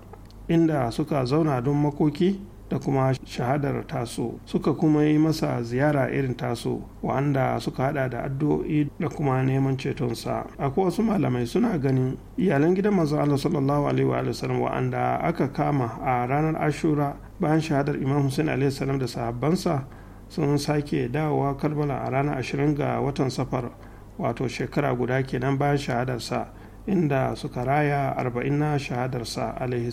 inda suka zauna don makoki da kuma shahadar taso suka kuma yi masa ziyara irin taso wanda suka hada da addu'o'i da kuma neman cetonsa akwai wasu malamai suna ganin iyalan gidan manzo Allah sallallahu alaihi wa sallam wa'anda aka kama a ranar ashura bayan shahadar imam hussein alaihi da sahabbansa sun sake dawowa karbala a ranar ashirin ga watan safar wato shekara guda kenan bayan shahadarsa inda suka raya arba'in na shahadarsa alaihi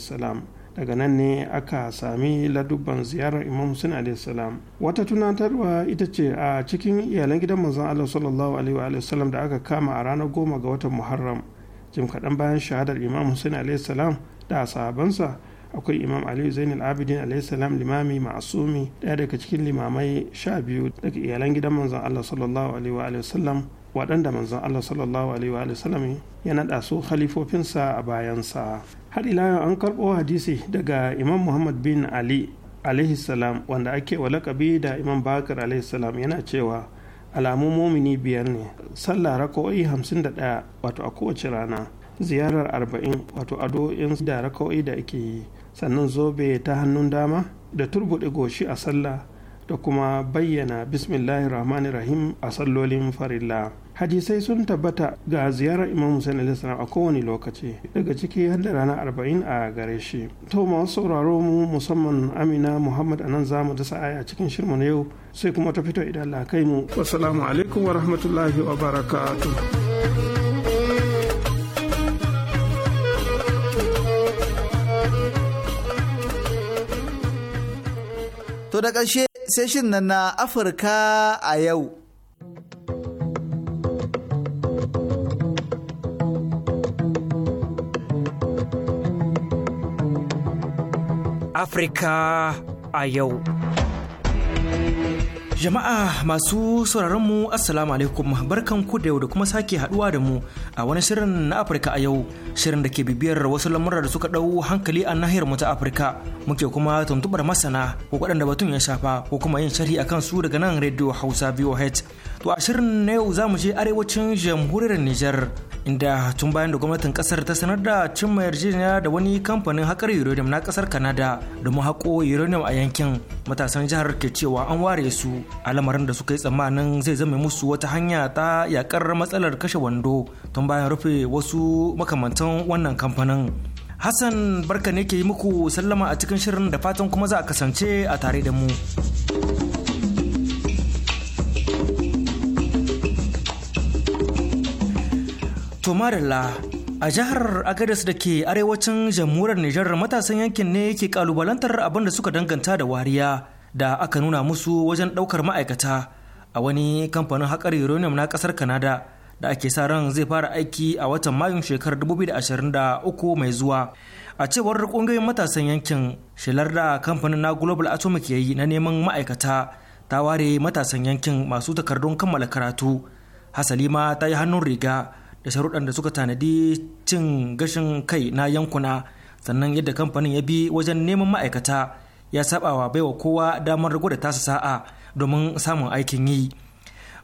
daga nan ne aka sami ladubban ziyarar imam hussein alaihi wata tunatarwa ita ce a cikin iyalan gidan manzon allah sallallahu alaihi da aka kama a ranar goma ga watan muharram jim kaɗan bayan shahadar imam hussein alaihi da sahabansa akwai imam aliyu zainal abidin alaihissalam limami ma'asumi ɗaya daga cikin limamai sha biyu daga iyalan gidan manzon allah sallallahu alaihi wa sallam waɗanda manzon allah sallallahu alaihi wa sallam ya naɗa su khalifofinsa a bayansa har ila yau an karɓo hadisi daga imam muhammad bin ali salam wanda ake wa lakabi da imam bakar salam yana cewa alamun momini biyar ne sallah rakawai hamsin da ɗaya wato a kowace rana ziyarar arba'in wato ado'in da rakawai da ake yi sannan zobe ta hannun dama da turbuɗe goshi a sallah da kuma bayyana bismillahir rahmanir rahim a sallolin farilla hadisai sun tabbata ga ziyarar imam hussein alaihi a kowane lokaci daga ciki har da rana arba'in a gare shi to masu sauraro mu musamman amina muhammad anan za mu dasa aya cikin shirmu na yau sai kuma ta fito idan la kai mu wassalamu alaikum wa rahmatullahi wa barakatuh To da ƙarshe sai shi nan na Afirka a yau. Afirka a yau. Jama'a masu sauraron mu Assalamu alaikum barkan ku da yau da kuma sake haduwa da mu a wani shirin na Afirka a yau shirin da ke bibiyar wasu lamurra da suka dau hankali a nahiyar mu ta Afirka muke kuma tuntubar masana ko waɗanda batun ya shafa ko kuma yin sharhi akan su daga nan Radio Hausa VOH to a shirin na yau zamu je arewacin jamhuriyar Niger inda tun bayan da gwamnatin kasar ta sanar da cimma yarjejeniya da wani kamfanin haƙar uranium na kasar canada domin haƙo uranium a yankin matasan jihar ke cewa an ware su a lamarin da suka yi tsammanin zai zama musu wata hanya ta yakar matsalar kashe wando tun bayan rufe wasu makamantan wannan kamfanin hassan barka ne ke yi muku sallama a cikin shirin da fatan kuma za a kasance a tare da mu. To marilla a jihar Agadas da ke arewacin jamhuriyar Nijar matasan yankin ne ke kalubalantar abin da suka danganta da wariya da aka nuna musu wajen daukar ma'aikata a wani kamfanin haƙar uranium na ƙasar Canada da ake sa ran zai fara aiki a watan Mayun shekarar 2023 mai zuwa. A cewar ƙungiyoyin matasan yankin shelar da kamfanin na Global Atomic yi na neman ma'aikata ta ware matasan yankin masu takardun kammala karatu. Hasali ma ta yi hannun riga da sharuɗan da suka tanadi cin gashin kai na yankuna sannan yadda kamfanin ya bi wajen neman ma'aikata ya sabawa baiwa kowa damar rago da tasa sa'a domin samun aikin yi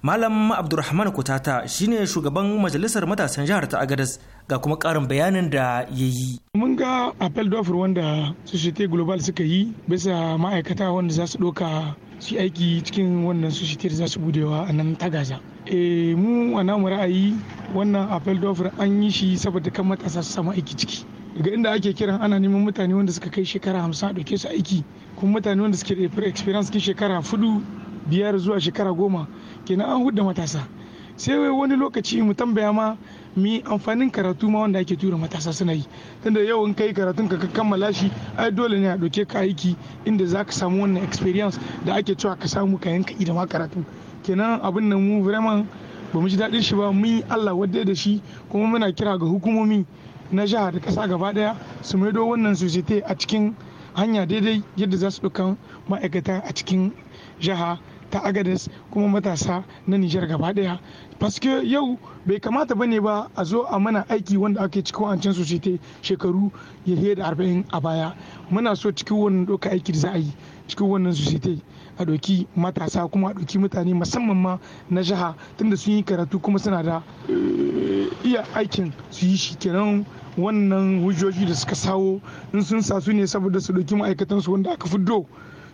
malam abdulrahman kutata shine shugaban majalisar matasan jihar ta agadas ga kuma karin bayanin da ya yi. Mun ga appel d'offre wanda Societe Global suka yi bisa ma'aikata wanda za su ɗauka su aiki cikin wannan su societar za su budewa a nan ta gaza e mu a namu ra'ayi wannan a d'offre an yi shi saboda kan matasa su samu aiki ciki daga inda ake kiran ana neman mutane wanda suka kai shekara hamsin a ɗauke su aiki kuma mutane wanda suke da experience kin shekara fudu biyar zuwa shekara goma kenan an hudda matasa sai wani lokaci mu tambaya ma mi amfanin karatu ma wanda ake tura matasa suna yi tunda yau in kai karatun ka kammala shi ai dole ne a doke ka aiki inda za ka samu wannan experience da ake cewa ka samu ka yanka ida ma karatu kenan abin nan mu vraiment ba mu ji daɗin shi ba mu Allah wadda da shi kuma muna kira ga hukumomi na jiha da kasa gaba ɗaya su maido wannan société a cikin hanya daidai yadda za su ɗaukan ma'aikata a cikin jiha ta agades kuma matasa na nijar gaba daya paske yau bai kamata bane ba a zo a mana aiki wanda ake cikin wancan ta shekaru ya da arba'in a baya muna so cikin wannan doka aiki da za a yi cikin wannan ta a ɗauki matasa kuma a ɗauki mutane musamman ma na jiha tunda sun yi karatu kuma suna da eh, iya aikin su yi shi kenan wannan hujjoji da suka sawo in sun sa su ne saboda su ɗauki ma'aikatansu wanda aka fiddo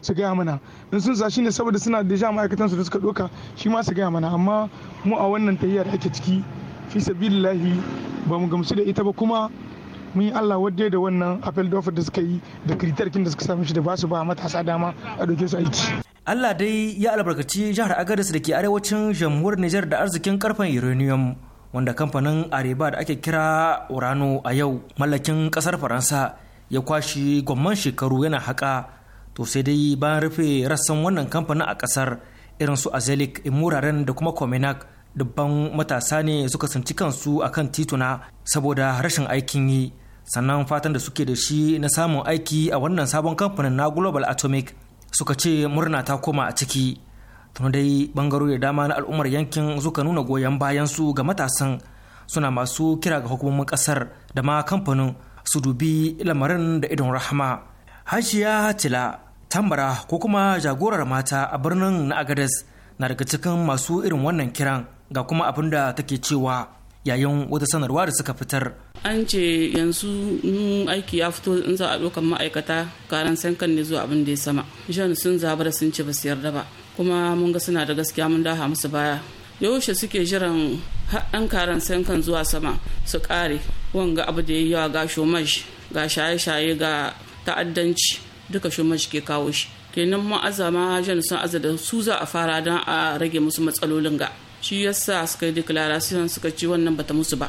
su gaya mana in sun sa shi ne saboda suna deja ma'aikatansu da suka doka shi ma su gaya mana amma mu a wannan tahiya da ake ciki fi sabilillahi ba mu gamsu da ita ba kuma mun yi Allah wadda da wannan apel dofa da suka yi da kiritarkin da suka sami shi da ba su ba matasa dama a doke su aiki. Allah dai ya albarkaci jihar Agadis da ke arewacin jamhuriyar Nijar da arzikin karfen uranium wanda kamfanin Areba da ake kira Urano a yau mallakin kasar Faransa ya kwashi gwamman shekaru yana haka. to sai dai bayan rufe rassan wannan kamfanin a kasar irin su azelik muraren da kuma kominak dubban matasa ne suka sunci kansu kan tituna saboda rashin aikin yi sannan fatan da suke da shi na samun aiki a wannan sabon kamfanin na global atomic suka ce murna ta koma a ciki tun dai bangarori da dama na al'ummar yankin suka nuna goyon bayan su ga matasan suna masu kira ga hukumomin kasar da ma kamfanin su dubi lamarin da idon rahama hashiya tila tambara ko kuma jagorar mata a birnin na agades na daga cikin masu irin wannan kiran ga kuma abin da take cewa yayin wata sanarwa da suka fitar an ce yanzu aiki ya fito in za a ɗaukan ma'aikata karan san kan ne zuwa abin da ya sama jan sun zaba da sun ce ba su yarda ba kuma mun ga suna da gaskiya mun daha musu baya yaushe suke jiran haɗan karan san kan zuwa sama su ƙare wanga abu da ya yi yawa ga shomaj ga shaye-shaye ga ta'addanci duka shi mashi ke kawo shi kenan mu azama jan sun da su za a fara don a rage musu matsalolin ga shi yasa suka yi declaration suka ci wannan bata musu ba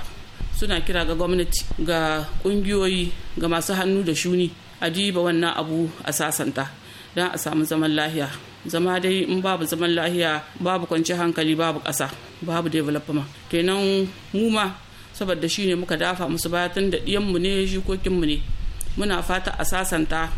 suna kira ga gwamnati ga kungiyoyi ga masu hannu da shuni a diba wannan abu a sasanta don a samu zaman lahiya zama dai in babu zaman lahiya babu kwanci hankali babu ƙasa babu development kenan mu ma saboda shi ne muka dafa musu baya tun da mu ne mu ne muna fata a sasanta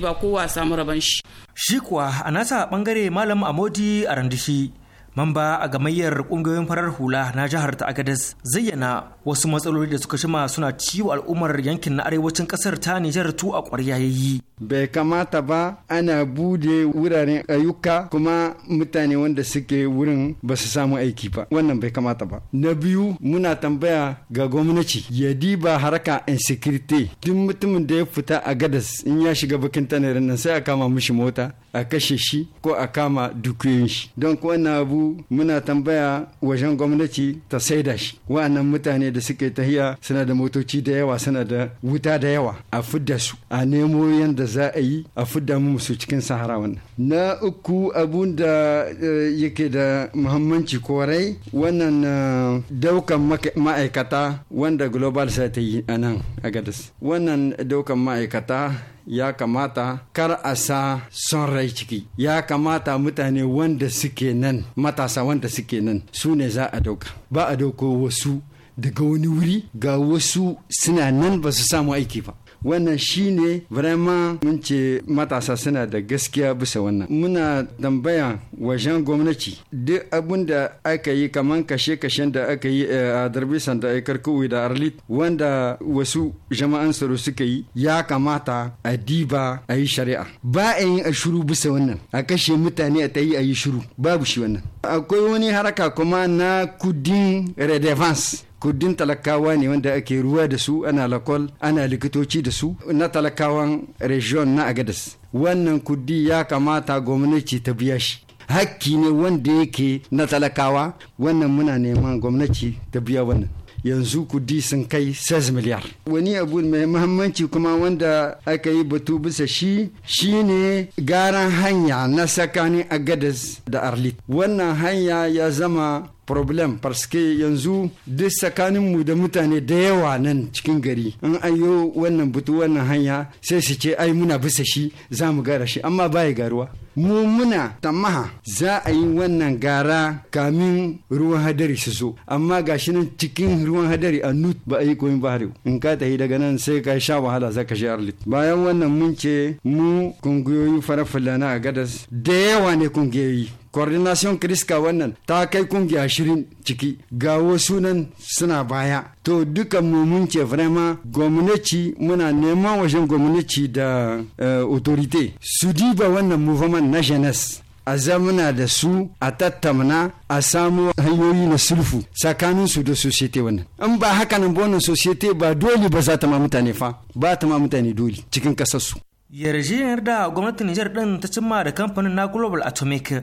ba kowa samu rabon shi shi kuwa a nasa bangare malam amodi arandishi mamba a gamayyar ƙungiyoyin farar hula na jihar ta agadez zayyana wasu matsaloli da suka shima suna ciwo al'ummar yankin na arewacin ƙasar ta nijar tu a kwarya yayi bai kamata ba ana bude wuraren ayyuka kuma mutane wanda suke wurin ba su samu aiki ba wannan bai kamata ba na biyu muna tambaya ga gwamnati ya diba haraka insecurity duk mutumin da ya fita a gadas in ya shiga bakin tanarin nan sai a kama mishi mota a kashe shi ko a kama dukiyoyin shi don wannan abu muna tambaya wajen gwamnati ta saida shi wa'annan mutane da suke tahiya suna da motoci da yawa suna da wuta da yawa a fidda su a nemo yadda za a yi a fidda mu su cikin sahara wannan na uku abun da eh, yake da muhammanci korai wannan eh, daukan ma'aikata wanda global sai ta yi a nan a gadas wannan daukan ma'aikata ya kamata kar a sa son rai ciki ya kamata mutane wanda suke nan matasa wanda suke nan su ne za a dauka ba a dauko wasu daga wani wuri ga wasu suna nan ba su samu aiki ba wannan shine vraiment mun ce matasa suna da gaskiya bisa wannan muna tambaya wajen gwamnati duk abin da aka yi kaman kashe-kashen da aka yi eh, a darbisan da aikar kowai da arlit wanda wasu jama'an tsaro suka yi ya kamata a diba a yi shari'a ba a yi a shuru bisa wannan a kashe mutane a ta yi a yi shuru babu shi wannan akwai wani haraka kuma na kudin redevance kuddin talakawa ne wanda ake ruwa da su ana lakol ana likitoci da su na talakawan region na agadas wannan kuddi ya kamata gwamnati ta biya shi hakki ne wanda yake na talakawa wannan muna neman gwamnati ta biya wannan yanzu kuddi sun kai 6 miliyar wani abu mai muhimmanci kuma wanda aka yi batu bisa shi shine garan hanya na tsakanin agadas da arlit wannan hanya ya zama problem parce yanzu duk tsakanin mu da mutane da yawa nan cikin gari in an yi wannan butu wannan hanya sai su ce ai muna bisa shi za mu gara shi amma ba ya garuwa mu muna tamaha za a yi wannan gara kamin ruwan hadari su zo amma ga shi nan cikin ruwan hadari a nut ba a yi koyin ba in ka tahi daga nan sai ka sha wahala za ka sha bayan wannan mun ce mu kungiyoyi fara fulana a gadas da yawa ne kungiyoyi coordination kiriska wannan ta kai kungiya shirin ciki ga wasu nan suna baya to duka mu mun ce vraiment gwamnati muna neman wajen gwamnati da eh, autorite su diba wannan movement na jeunesse a zamana da su a tattamna a samu hanyoyi na sulfu tsakanin su da societe wannan in ba haka nan ba wannan societe ba dole ba za ta ma mutane fa ba ta ma mutane dole cikin su yarjejeniyar da gwamnatin Nijar din ta cimma da kamfanin na Global Atomic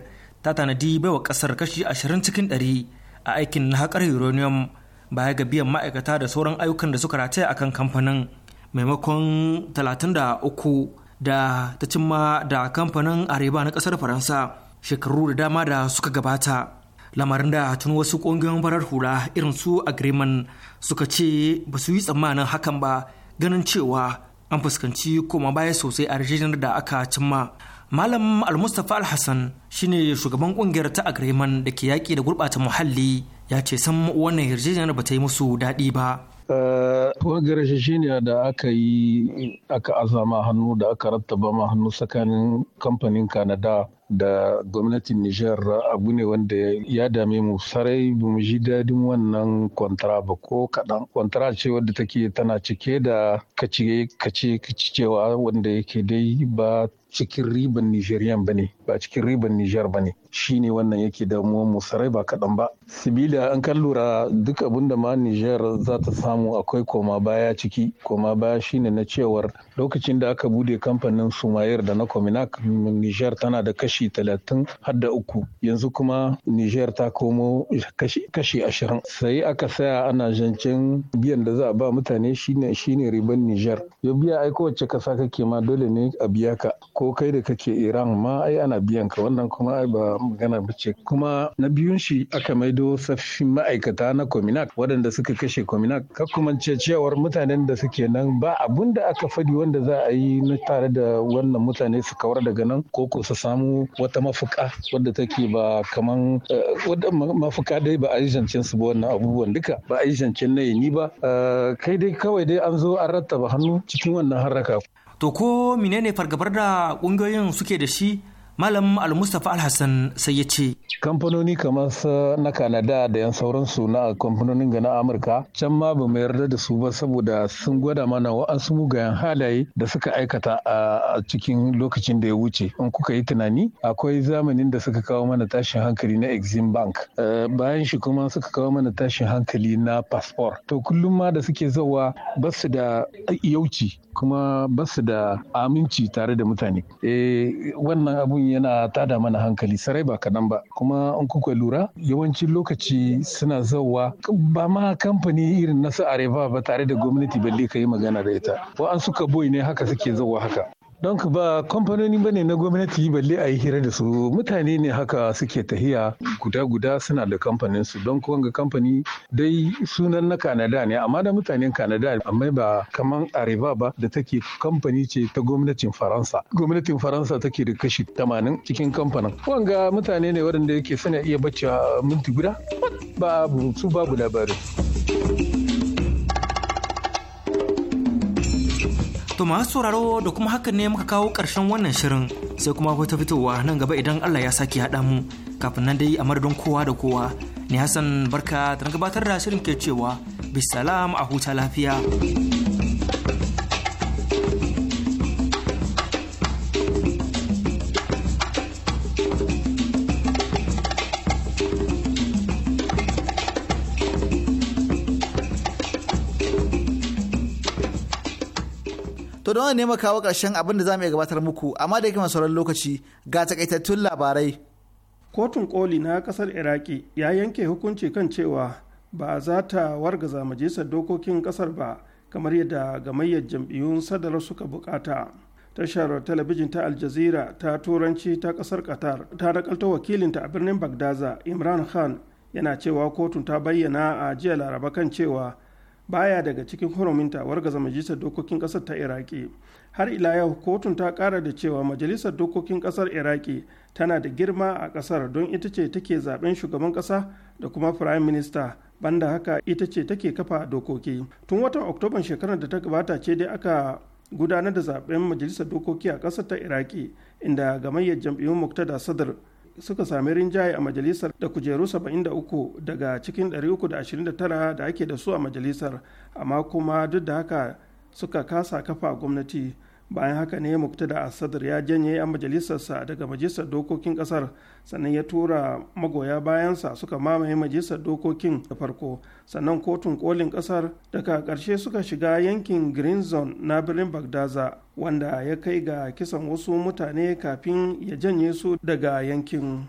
ta tanadi baiwa kasar kashi ashirin cikin 100 a aikin na haƙar uranium baya ga biyan ma'aikata da sauran ayyukan da suka rataya a kan kamfanin maimakon 33 da ta cimma da kamfanin areba na kasar faransa shekaru da dama da suka gabata lamarin da tun wasu ƙungiyoyin farar hula irin su agreement suka ce ba su yi tsammanin hakan ba ganin cewa an fuskanci koma baya sosai a da aka cimma Malam Al-Mustapha Al-Hassan shine shugaban kungiyar ta Agreman da ke yaƙi da gurɓata muhalli ya ce san wannan yarjejeniyar ba ta yi musu daɗi ba. Tuwagar shi shine da aka yi aka azama hannu da aka rattaba ma hannu tsakanin kamfanin kanada da gwamnatin Nijar abu ne wanda ya dame mu sarai ba mu ji dadin wannan kwantara ba ko kaɗan. Kwantara ce wadda take tana cike da kace kace cewa wanda yake dai ba cikin ribar riban ba ne ba cikin ribar ba ne shi ne wannan yake damuwa mu sarai ba kaɗan ba sibila an kan lura duk abin da ma nijar za ta samu akwai koma baya ciki koma baya shine na cewar lokacin da aka bude kamfanin Sumayar da na kominak nijar tana da kashi talatin har da uku yanzu kuma nijar ta komo kashi ashirin sai aka saya ana zancen biyan da za a ba mutane shi ne riban nijar ya biya ai kowace kasa kake ma dole ne a biya ka ko ko kai da kake iran ma ai ana biyan ka wannan kuma ai ba magana ba kuma na biyun shi aka maido saffin ma'aikata na kominak waɗanda suka kashe kominak ka kuma ce cewar mutanen da suke nan ba abun da aka fadi wanda za a yi na tare da wannan mutane su kawar daga nan ko ko su samu wata mafuka wadda take ba kaman eh, wadda mafuka dai ba a yi zancen su ba wannan abubuwan duka ba a yi zancen na ni ba eh, kai dai kawai dai an zo an rattaba hannu cikin wannan haraka. To ko menene fargabar da ƙungiyoyin suke da shi Malam al mustafa Al-Hassan sai ya ce. kamfanoni kamar na kanada da yan sauransu na kamfanonin ga na amurka can ma ba mu yarda da su ba saboda sun gwada mana wa'ansu mugayen halaye da suka aikata a cikin lokacin da ya wuce in kuka yi tunani akwai zamanin da suka kawo mana tashin hankali na exim bank eh, bayan shi kuma suka kawo mana tashin hankali na passport to kullum ma da suke zawa ba su da yauci kuma ba su da aminci tare da mutane eh, wannan abun yana tada mana hankali sarai ba kadan ba kuma an kuka lura yawancin lokaci suna zauwa ba ma kamfani irin na su areva ba tare da gwamnati balle ka yi magana da ita wa'an suka boy ne haka suke zauwa haka don ba kamfanoni bane na gwamnati balle a yi hira da su mutane ne haka suke tahiya guda-guda suna da kamfanin su don kuwan ga kamfani dai sunan na kanada ne amma da mutanen kanada amma ba kaman arewa ba da take kamfani ce ta gwamnatin faransa gwamnatin faransa take da kashi 80 cikin kamfanin wanga mutane ne waɗanda yake suna iya bacci minti guda babu su babu labarin To masu sauraro da kuma hakan ne muka kawo ƙarshen wannan shirin sai kuma wata fitowa nan gaba idan Allah ya sake haɗa mu kafin nan dai a madadin kowa da kowa. Ni Hassan Barka da gabatar da shirin ke cewa bisalam a huta lafiya. To don ne kawo ƙarshen abin da za mu iya gabatar muku amma da yake sauran lokaci ga takaitattun labarai. Kotun koli na ƙasar Iraki ya yanke hukunci kan cewa ba za ta wargaza majalisar dokokin ƙasar ba kamar yadda gamayyar jam'iyyun sadarar suka bukata. Tashar talabijin ta Al ta turanci ta ƙasar Qatar ta nakalta wakilinta a birnin Bagdaza Imran Khan yana cewa kotun ta bayyana a jiya laraba kan cewa baya daga cikin huruminta wargaza majalisar dokokin kasar ta iraki har ila yau kotun ta kara da cewa majalisar dokokin kasar iraki tana da girma a kasar don ita ce take zaben shugaban kasa da kuma firayim minista banda haka ita ce take kafa dokoki tun watan oktoban shekarar da ta gabata ce dai aka gudanar da zaben majalisar dokoki a kasar ta iraki inda gamayyar jam'iyyun muktada sadar suka sami rinjaye a majalisar da kujeru 73 daga cikin 329 da ake da su a majalisar amma kuma duk da haka suka kasa kafa gwamnati bayan haka ne da asadar ya janye 'yan majalisarsa daga majalisar dokokin kasar sannan ya tura magoya bayansa suka mamaye majalisar dokokin da farko sannan kotun kolin kasar daga ƙarshe suka shiga yankin green zone na birnin bagdaza wanda ya kai ga kisan wasu mutane kafin ya janye su daga yankin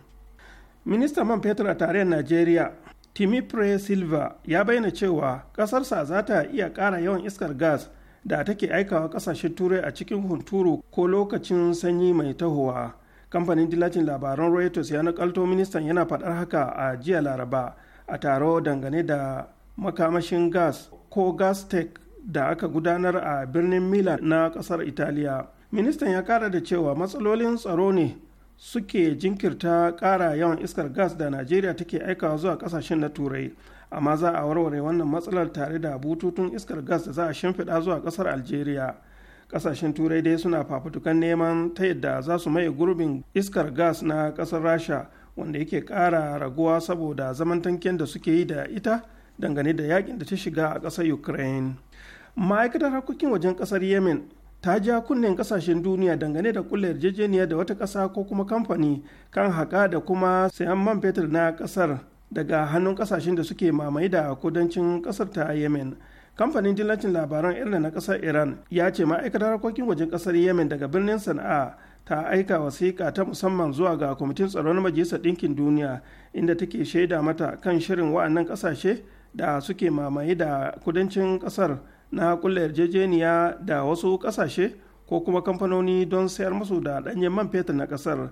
minista man fetur a tarayyar najeriya timipre silva ya bayyana cewa ƙasarsa za ta iya ƙara yawan iskar gas da take aikawa kasashen turai a cikin hunturu ko lokacin sanyi mai tahowa kamfanin dillacin labaran reuters ya nakalto ministan yana faɗar haka a jiya laraba a taro dangane da makamashin gas ko gas tech da aka gudanar a birnin milan na kasar italiya ministan ya kara da cewa matsalolin tsaro ne suke jinkirta kara yawan iskar gas da najeriya take aikawa zuwa kasashen na turai amma za a warware wannan matsalar tare da bututun iskar gas da za a shimfiɗa zuwa ƙasar algeria ƙasashen turai dai suna fafutukan neman ta yadda za su maye gurbin iskar gas na ƙasar rasha wanda yake ƙara raguwa saboda zaman da suke yi da ita dangane da yakin da ta shiga a ƙasar ukraine ma'aikatar harkokin wajen ƙasar yemen ta ja kunnen ƙasashen duniya dangane da kulle yarjejeniya da wata ƙasa ko kuma kamfani kan haka da kuma sayan man fetur na ƙasar daga hannun kasashen da suke mamaye da kudancin kasar ta yemen kamfanin dillacin labaran irin na kasar iran ya ce ma'aikatar harkokin wajen kasar yemen daga birnin sana'a ta aika wasiƙa ta musamman zuwa ga kwamitin tsaron na majalisar ɗinkin duniya inda take shaida mata kan shirin wa'annan kasashe da suke mamaye da kudancin kasar na kulla yarjejeniya da wasu ƙasashe ko kuma kamfanoni don sayar musu da ɗanyen man fetur na ƙasar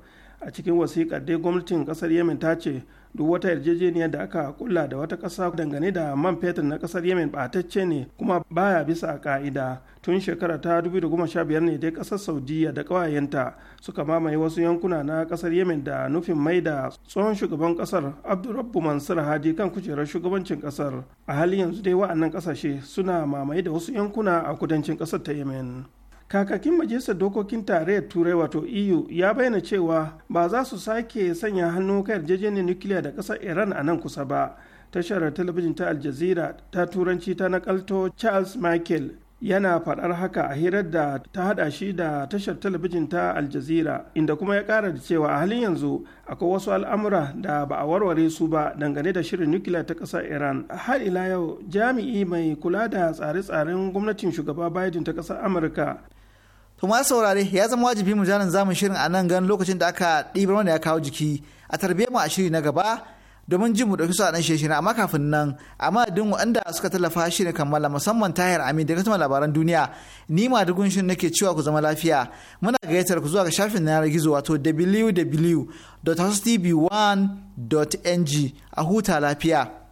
a cikin wasiƙar dai gwamnatin ƙasar yemen ta ce duk wata yarjejeniyar da aka kulla da wata ƙasa dangane da man fetur na ƙasar yemen ɓatacce ne kuma baya bisa ƙa'ida tun shekara ta 2015 ne dai ƙasar saudiya da ƙawayenta suka mamaye wasu yankuna na ƙasar yemen da nufin mai da tsohon shugaban ƙasar abdurrabbu mansur hadi kan kujerar shugabancin ƙasar a halin yanzu dai wa'annan ƙasashe suna mamaye da wasu yankuna a kudancin ƙasar ta yemen kakakin majalisar dokokin tarayyar turai wato eu ya bayyana cewa ba za su sake sanya hannu kan yarjejeniyar nukiliya da kasar iran a nan kusa ba tashar talabijin ta aljazira ta turanci ta nakalto charles michael yana faɗar haka a hirar da ta hada shi da tashar talabijin ta aljazira inda kuma ya kara da cewa a halin yanzu akwai wasu al'amura da ba a warware su ba dangane da shirin nukiliya ta ƙasar iran har ila yau jami'i mai kula da tsare-tsaren gwamnatin shugaba biden ta ƙasar amurka To ma saurare ya zama wajibi mu jarin zamun shirin a nan gan lokacin da aka ɗibar mana ya kawo jiki a tarbiyyar mu a shiri na gaba domin jin mu ɗauki su a nan shirin amma kafin nan a madadin waɗanda suka tallafa shirin kammala musamman tahir amin da kasuma labaran duniya ni ma dugun na ke cewa ku zama lafiya muna gayyatar ku zuwa ga shafin na yanar gizo wato www.hostv1.ng a huta lafiya.